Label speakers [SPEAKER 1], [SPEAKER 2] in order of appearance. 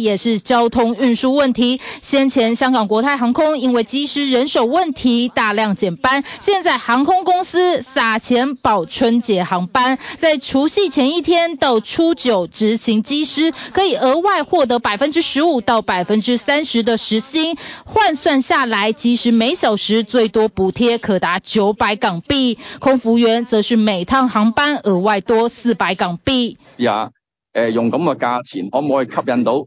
[SPEAKER 1] 也是交通運輸問題。先前香港國泰航空因為機師人手問題大量減班，現在航空公司撒錢保春節航班，在除夕前一天到初九執行機師可以額外獲得百分之十五到百分之三十的時薪，換算下來，機師每小時最多補貼可達九百港幣，空服員則是每趟航班額外多四百港幣。
[SPEAKER 2] 是啊，誒、呃，用咁嘅價錢可唔可以吸引到？